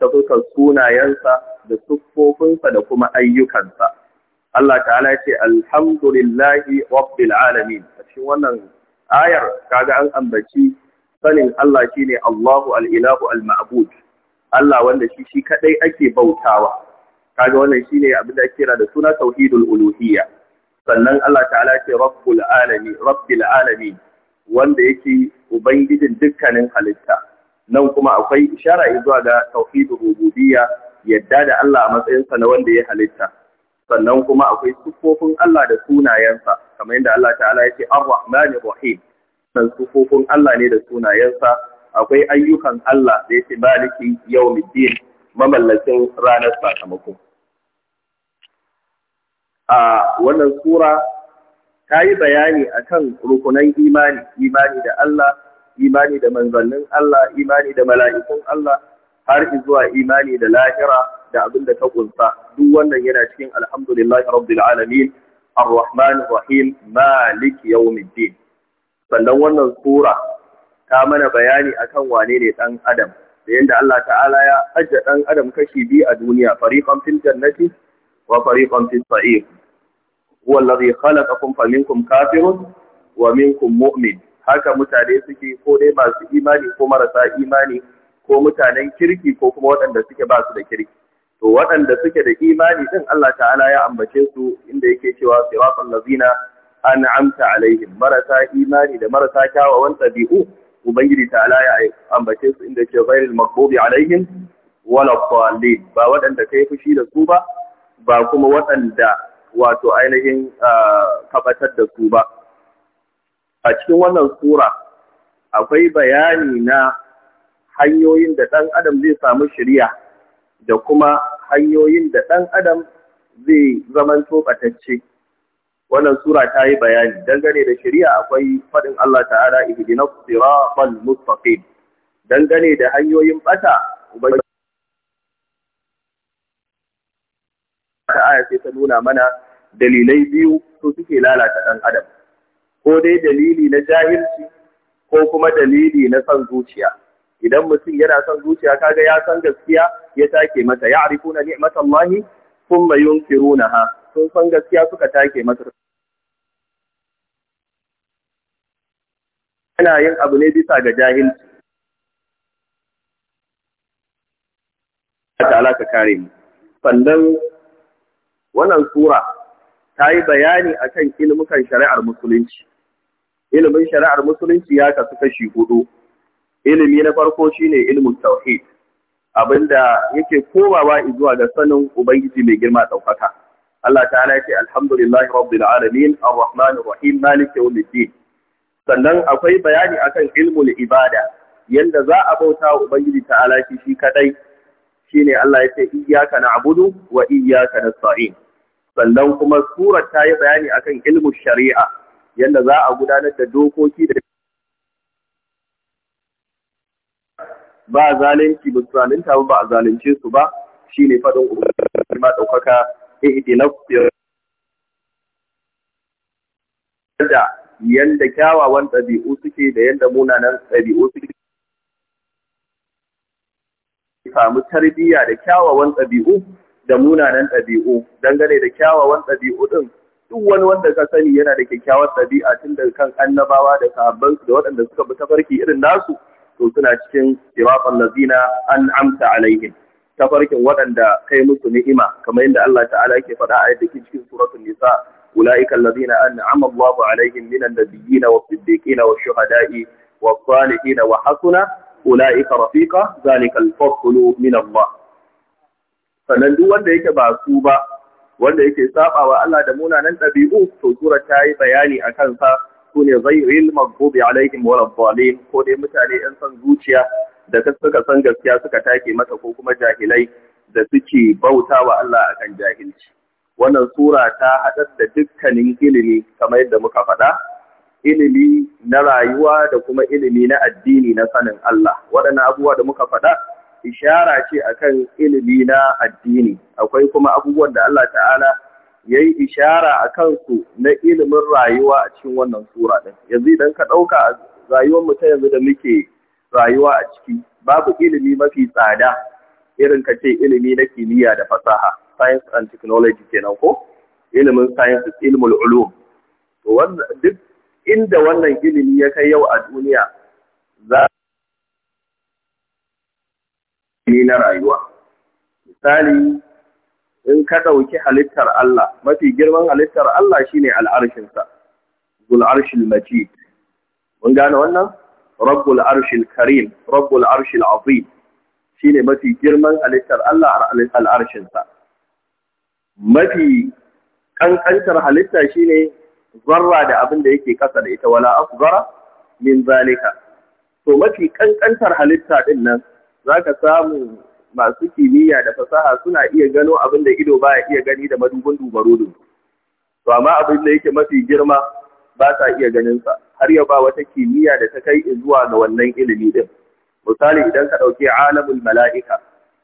ta fuskar sunayensa da siffofinsa da kuma ayyukansa Allah ta'ala ya ce alhamdulillahi rabbil alamin a cikin wannan ayar kaga an ambaci sanin Allah shine Allahu al-ilahu al-ma'bud Allah wanda shi shi kadai ake bautawa kaga wannan shine abin da kira da suna tauhidul uluhiyya sannan Allah ta'ala ce rabbul alami rabbil alami wanda yake ubangijin dukkanin halitta nan kuma akwai ishara zuwa ga Tauhidu rububiyya yadda da Allah a matsayinsa na wanda ya halitta sannan kuma akwai sufofin Allah da sunayensa kamar yadda Allah ta'ala ya ce ar-rahmanir rahim san sufofin Allah ne da sunayensa akwai ayyukan Allah da yake maliki yawmiddin mamallakin ranar sakamako a wannan sura ta yi bayani akan rukunan imani imani da Allah imani da manzannin Allah imani da mala'ikun Allah har zuwa imani da lahira da abin da ta kunsa duk wannan yana cikin alhamdulillahi rabbil alamin arrahman rahim malik yawmiddin sannan wannan sura ta mana bayani akan wane ne ɗan adam da yadda Allah ta'ala ya ajiye ɗan adam kashi biyu a duniya fariqan fil jannati وفريقا في الصعيد هو الذي خلقكم فمنكم كافر ومنكم مؤمن haka mutane suke ko dai masu imani ko marasa imani ko mutanen kirki ko kuma waɗanda suke ba su da kirki to waɗanda suke da imani din Allah ta'ala ya ambace su inda yake cewa siratal ladina an'amta alaihim marasa imani da marasa kyawawan ɗabi'u ubangiji ta'ala ya ambace su inda yake ghairil maghdubi alaihim wala ba waɗanda kai fushi da su ba ba kuma waɗanda wato ainihin kabatar da su ba. A cikin wannan sura akwai bayani na hanyoyin da ɗan adam zai samu shirya da kuma hanyoyin da ɗan adam zai zaman tobatacce. Wannan sura ta yi bayani dangane da shirya akwai faɗin Allah ta'ala ihdinas siratal mustaqim dangane da hanyoyin bata wannan aya sai ta nuna mana dalilai biyu su suke lalata ɗan adam ko dai dalili na jahilci ko kuma dalili na son zuciya idan mutum yana son zuciya kaga ya san gaskiya ya take mata ya ya'rifuna ni'matallahi thumma yunkirunaha sun san gaskiya suka take mata yana yin abu ne bisa ga jahilci Allah ta'ala kare mu sannan wannan sura ta yi bayani akan ilmukan shari'ar musulunci ilimin shari'ar musulunci ya kasu kashi hudu ilimi na farko shi ne ilimin tauhid abinda yake komawa zuwa ga sanin ubangiji mai girma ɗaukaka Allah ta'ala yake alhamdulillahi rabbil alamin arrahmanir rahim maliki yawmiddin sannan akwai bayani akan ilmul ibada yanda za a bauta wa ubangiji ta shi shi kadai shine Allah yake iyyaka na'budu wa iyyaka sa'in. sannan kuma Surat ta yi bayani akan ilmin shari'a yadda za a gudanar da dokoki da ba zalunci ba zalunta ba a zalunce su ba shine faɗin ubangiji ma daukaka ihdina da yadda kyawawan ɗabi'u suke da yadda munanan ɗabi'u suke samu tarbiyya da kyawawan ɗabi'u da munanan ɗabi'u dangane da kyawawan ɗabi'u ɗin duk wani wanda ka sani yana da kyakkyawar ɗabi'a tun daga kan annabawa da sahabbansu da waɗanda suka bi tafarki irin nasu to suna cikin sirafan lazina an amsa alaihim tafarkin waɗanda kai musu ni'ima kamar yadda Allah ta'ala yake faɗa a yadda cikin suratul nisa ulaika allazina an'ama Allahu alaihim minan nabiyyin wa siddiqin wa shuhada'i wa salihin wa hasuna ulaika rafiqa zalika al-fadlu min Allah sannan duk wanda yake ba su ba wanda yake sabawa Allah da munanan ɗabi'u to sura ta yi bayani a kansa su ne zairil maghdubi alaihim wa rabbalin ko dai mutane yan san zuciya da suka san gaskiya suka take mata ko kuma jahilai da suke bauta wa Allah akan jahilci wannan sura ta haɗar da dukkanin ilimi kamar yadda muka faɗa ilimi na rayuwa da kuma ilimi na addini na sanin Allah waɗannan abubuwa da muka faɗa ishara ce akan ilimi na addini akwai kuma abubuwan da Allah ta'ala ya yi ishara a kansu na ilimin rayuwa a cikin wannan sura ɗin yanzu idan ka ɗauka a rayuwar mutum yanzu da muke rayuwa a ciki babu ilimi mafi tsada irin ka ce ilimi na kimiyya da fasaha science and technology kenan ko ilimin science ilmul ulum duk inda wannan ilimi ya kai yau a duniya ne na rayuwa. Misali, in ka ɗauki halittar Allah, mafi girman halittar Allah shi ne al'arshinsa, zul'arshil majid. Mun gane wannan? Rabbul arshil karim, rabbul arshil azim shi ne mafi girman halittar Allah al'arshinsa. Mafi ƙanƙantar halitta shi ne zarra da abin da yake ƙasa da ita wala akbara min zalika. To mafi ƙanƙantar halitta ɗin nan za ka samu masu kimiyya da fasaha suna iya gano abin da ido ba iya gani da madubin dubarudun. To amma abin da yake mafi girma ba sa iya ganinsa har ya ba wata kimiyya da ta kai zuwa ga wannan ilimi din. Misali idan ka ɗauki alamul mala'ika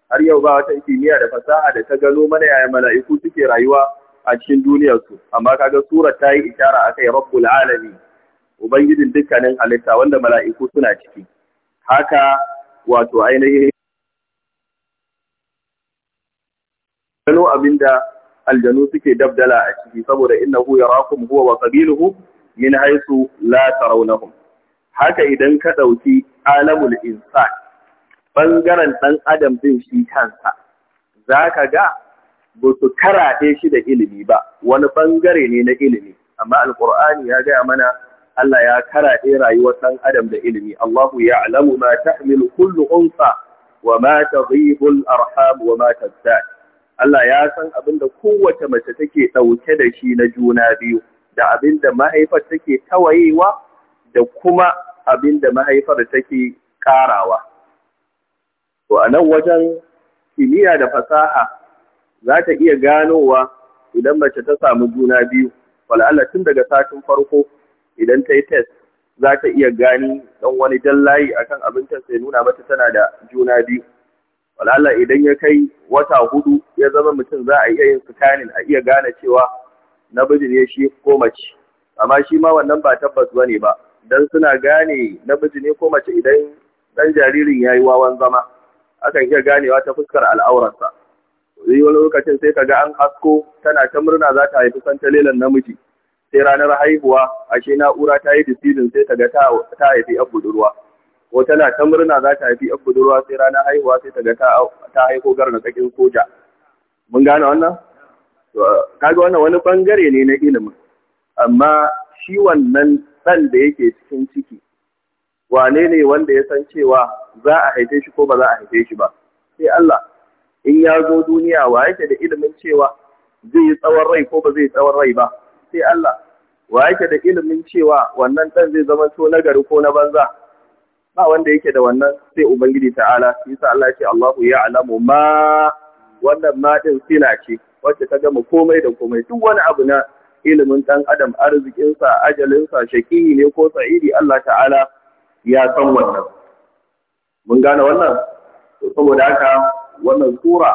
har yau ba wata kimiyya da fasaha da ta gano mana yaya mala'iku suke rayuwa a cikin duniyarsu amma ka ga surar ta yi ishara akai rabbul alamin ubangijin dukkanin halitta wanda mala'iku suna ciki haka wato ainihin gano abinda aljanu suke dabdala a ciki saboda innahu yarakum huwa wa qabiluhu min haythu la tarawnahum haka idan ka dauki alamul insan bangaren dan adam din shi kansa zaka ga ba su karaɗe shi da ilimi ba wani bangare ne na ilimi amma alqur'ani ya gaya mana Allah ya karaɗe rayuwar ɗan adam da ilimi Allahu alamu ma tahmilu kullu unsa wa ma ta zibul arham wa ma tazdad Allah ya san abin da kowace mace take ɗauke da shi na juna biyu da abin da mahaifar take tawayewa da kuma abin da mahaifar take ƙarawa to a nan wajen kimiyya da fasaha za ta iya ganowa idan mace ta samu juna biyu Wala Allah tun daga satin farko idan ta yi test za ta iya gani dan wani jan layi akan abincin sai nuna mata tana da juna biyu walala idan ya kai wata hudu ya zama mutum za a iya yin scanning a iya gane cewa bijin ya shi ko mace amma shi ma wannan ba tabbas bane ba dan suna gane bijin ne ko mace idan dan jaririn ya yi wawan zama akan iya ganewa ta fuskar al'aurarsa sai wani lokacin sai ka ga an hasko tana ta murna za ta haifi santalelan namiji sai ranar haihuwa ashe na'ura ta yi disidin sai ta ga ta haifi yan budurwa ko tana ta murna za ta haifi yan budurwa sai ranar haihuwa sai ta ga ta haiko tsakin soja mun gane wannan kaga wannan wani bangare ne na ilimin amma shi wannan ɗan da yake cikin ciki wane ne wanda ya san cewa za a haife shi ko ba za a haife shi ba sai Allah in ya zo duniya wa yake da ilimin cewa zai yi tsawon rai ko ba zai yi tsawon rai ba sai Allah wa yake da ilimin cewa wannan dan zai zama na gari ko na banza ba wanda yake da wannan sai ubangiji ta'ala sa Allah ce Allahu alamu. ma wannan ma din sila ce wacce ta gama komai da komai duk wani abu na ilimin dan adam arzikinsa ajalinsa shakihi ne ko sa'idi Allah ta'ala ya san wannan mun gane wannan saboda haka wannan sura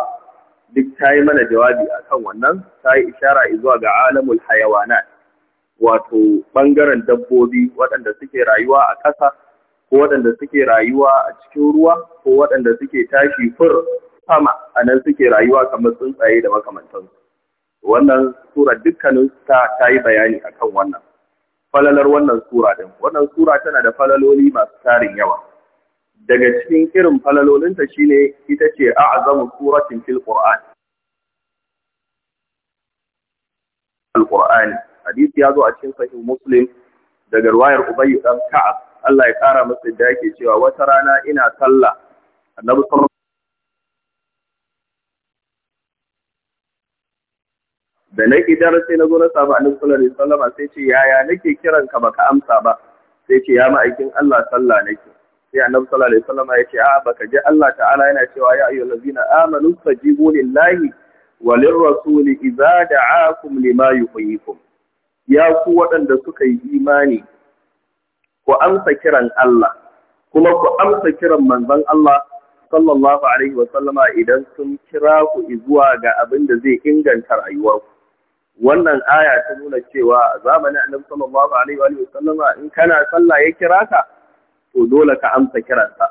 duk ta yi mana jawabi a kan wannan ta yi ishara zuwa ga alamul hayawanat wato ɓangaren dabbobi waɗanda suke rayuwa a ƙasa ko waɗanda suke rayuwa a cikin ruwa ko waɗanda suke tashi fur sama a nan suke rayuwa kamar tsuntsaye da makamantansu wannan sura dukkanin ta ta yi bayani kan wannan falalar wannan sura din wannan sura tana da falaloli masu tarin yawa daga cikin irin falalolinta shine ita ce a'zamu suratin fil qur'an al-qur'ani hadisi ya zo a cikin sahih muslim daga ruwayar ubay dan ka'ab Allah ya kara masa da yake cewa wata rana ina sallah annabi da na idar sai na zo na samu annabi sallallahu alaihi wasallam sai ce yaya nake kiranka baka amsa ba sai ce ya ma'aikin Allah sallah nake sai annabi sallallahu alaihi wasallam ya ce a baka ji Allah ta'ala yana cewa ya ayyuhal lahi, amanu fajibu lillahi wa lirrasuli idza da'akum lima yuhyikum ya ku waɗanda suka yi imani ku amsa kiran Allah kuma ku amsa kiran manzon Allah sallallahu alaihi wasallama idan sun kira ku zuwa ga abin da zai inganta rayuwarku wannan aya ta nuna cewa zamanin annabi sallallahu alaihi wa sallama in kana sallah ya kira ka to dole ka amsa kiransa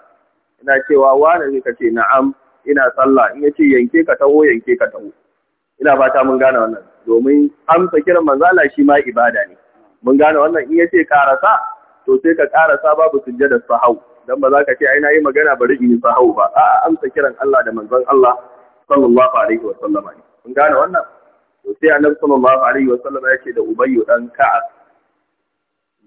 ina cewa wani ne kace na'am ina sallah in yace yanke ka taho yanke ka taho ina fata mun gane wannan domin amsa kiran manzo Allah shi ma ibada ne mun gane wannan in yace karasa to sai ka karasa babu sujjada sahau dan ba za ka ce ai na yi magana bari in sahau ba a amsa kiran Allah da manzon Allah sallallahu alaihi wa sallama ne mun gane wannan to sai annabi sallallahu alaihi wa sallama yace da ubayyu dan ka'ab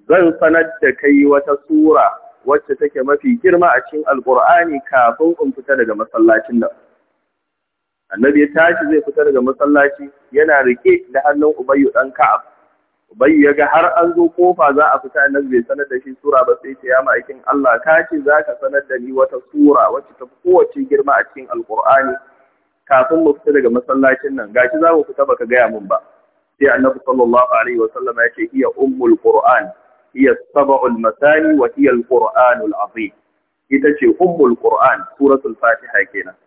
zan sanar da kai wata sura wacce take mafi girma a cikin alqur'ani kafin in fita daga masallacin nan annabi ya tashi zai fita daga masallaci yana rike da hannun ubayyu dan ka'ab ubayyu ga har an zo kofa za a fita annabi bai sanar da shi sura ba sai ce ya aikin Allah ka ce zaka sanar da ni wata sura wacce ta kowace girma a cikin alqur'ani kafin mu fita daga masallacin nan gashi za mu fita baka gaya mun ba sai annabi sallallahu alaihi wasallam ya ce hiya ummul qur'an hiya sab'ul masani wa hiya al-qur'anul azim ita ce ummul qur'an suratul fatiha kenan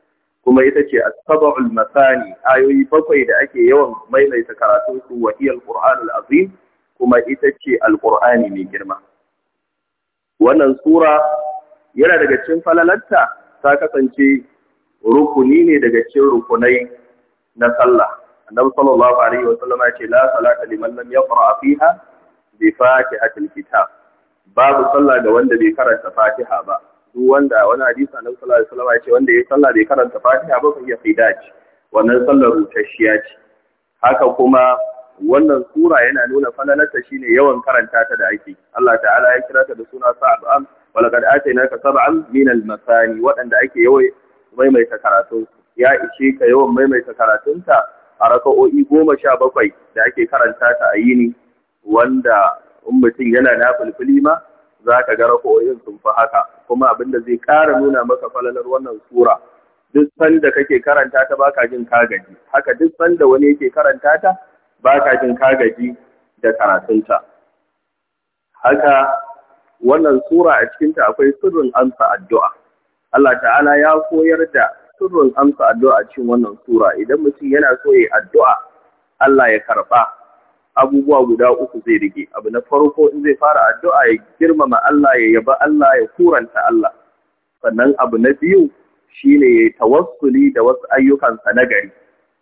kuma ita ce as-sab'ul masani ayoyi bakwai da ake yawan maimaita karatun su wa hiya al-qur'anul azim kuma ita ce al-qur'ani mai girma wannan sura yana daga cikin falalarta ta kasance rukuni ne daga cikin rukunai na sallah annabi sallallahu alaihi wa sallama ya ce la salata liman lam yaqra fiha bi fatihatil kitab babu sallah da wanda bai karanta fatiha ba duk wanda wani hadisi annabi sallallahu alaihi wasallam ya ce wanda ya sallah bai karanta fatiha ba iya ya daji. wannan sallar rutashiya ce haka kuma wannan sura yana nuna shi shine yawan karanta ta da ake Allah ta'ala ya kira ta da suna sa'am walaqad atainaka sab'an min al-masani wadanda ake yawai maimaita karatun ya ishe ka yawan maimaita karatunta a raka'o'i goma sha bakwai da ake karanta ta a yini wanda in mutum yana na fulfuli ma za ka ga rako'o'in sun fi haka kuma abinda zai ƙara nuna maka falalar wannan sura duk sanda kake karanta ta baka jin ka haka duk sanda wani yake karanta ta baka jin ka gaji da karatunta haka wannan sura a cikinta akwai sirrin amsa addu'a Allah ta'ala ya koyar da sirrin amsa addu'a a cikin wannan sura idan mutum yana so ya addu'a Allah ya karɓa abubuwa guda uku zai rige abu na farko in zai fara addu'a ya girmama Allah ya yaba Allah ya kuranta Allah sannan abu na biyu shine ya tawassuli da wasu ayyukansa na gari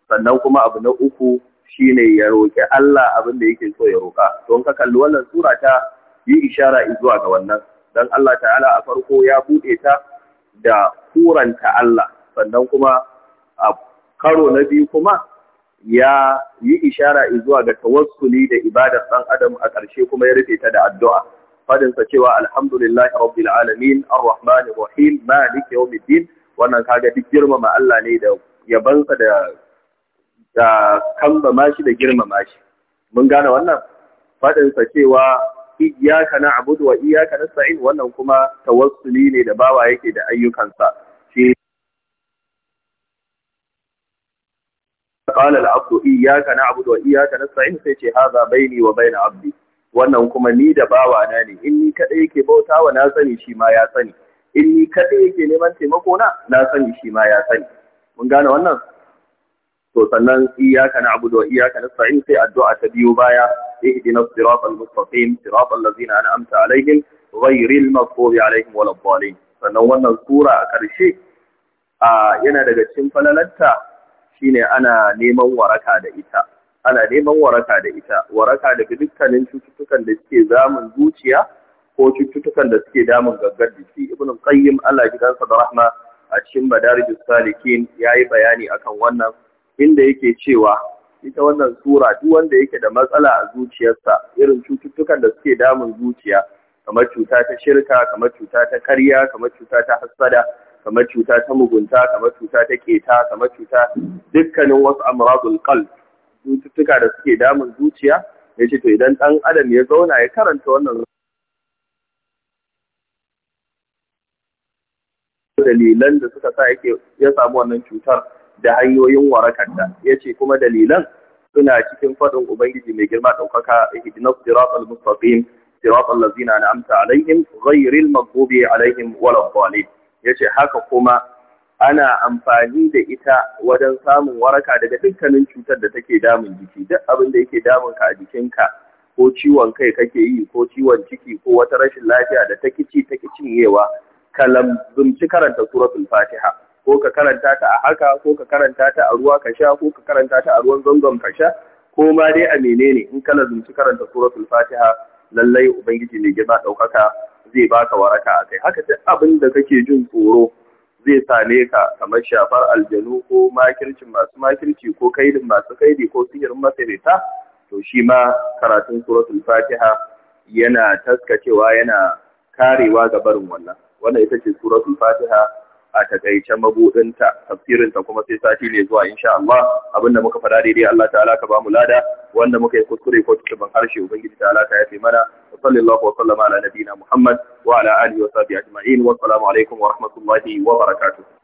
sannan kuma abu na uku shine ya roki Allah abin da yake so ya roƙa don ka kalli wannan sura ta yi ishara zuwa ga wannan dan Allah ta'ala a farko ya bude ta da kuranta Allah sannan kuma a karo na biyu kuma ya yi ishara zuwa ga tawassuli da ibadar ɗan adam a ƙarshe kuma ya rufe ta da addu'a fadin sa cewa alhamdulillahi rabbil alamin arrahmanir rahim malik yawmiddin wannan kaga duk girmama Allah ne da yabansa da da kambama shi da girmama shi mun gane wannan fadin sa cewa iyyaka na'budu wa iyyaka nasta'in wannan kuma tawassuli ne da bawa yake da ayyukansa qala al-abdu iyyaka na'budu wa iyyaka nasta'in sai ce hadha baini wa baina abdi wannan kuma ni da bawa na ne in ni kadai yake bauta wa na sani shi ma ya sani in ni kadai yake neman taimako na na sani shi ma ya sani mun gane wannan to sannan iyyaka na'budu wa iyyaka nasta'in sai addu'a ta biyu baya ihdinas siratal mustaqim siratal ladzina an'amta alaihim ghayril maghdubi alaihim waladdallin sannan wannan sura a ƙarshe a yana daga cikin falalanta shine ana neman waraka da ita ana neman waraka da ita waraka daga dukkanin cututtukan da suke zamun zuciya ko cututtukan da suke damun gaggar jiki ibnu qayyim Allah ya gidansa da rahma a cikin madarijus salikin yayi bayani akan wannan inda yake cewa ita wannan sura duk wanda yake da matsala a zuciyarsa irin cututtukan da suke damun zuciya kamar cuta ta shirka kamar cuta ta karya kamar cuta ta hassada kamar cuta ta mugunta kamar cuta ta keta kamar cuta dukkanin wasu amradul qalb cututtuka da suke damun zuciya Ya ce to idan dan adam ya zauna ya karanta wannan dalilan da suka sa yake ya samu wannan cutar da hanyoyin warakanta ce kuma dalilan suna cikin faɗin ubangiji mai girma ɗaukaka ihdinas siratal mustaqim siratal ladzina an'amta alaihim ghayril maghdubi alaihim waladdallin Ya ce haka kuma ana amfani da ita wajen samun waraka daga dukkanin cutar da take damun jiki duk abin da yake damun ka a jikinka ko ciwon kai kake yi ko ciwon ciki ko wata rashin lafiya da ta kici ta cinyewa ka lambunci karanta suratul fatiha ko ka karanta ta a haka ko ka karanta ta a ruwa ka sha ko ka karanta ta a ruwan zangon ka sha ko ma dai a menene in ka lambumci karanta suratul fatiha lallai ubangiji ne ya ɗaukaka. zai baka waraka a kai haka duk abin da kake jin tsoro zai same ka kamar shafar aljanu ko makircin masu makirci ko kaidin masu kaidi ko sihirin masarita. to shi ma karatun suratul fatiha yana taskacewa yana karewa ga barin wannan wannan ita ce suratul fatiha a takaice mabudinta tafsirinta kuma sai sati ne zuwa insha Allah abinda muka fada daidai Allah ta'ala ka bamu lada wanda muka yi kuskure ko tuban harshe ubangiji ta'ala ta yafe mana sallallahu wa sallama ala nabiyina Muhammad wa ala alihi wa sahbihi ajma'in wa assalamu alaikum wa rahmatullahi wa barakatuh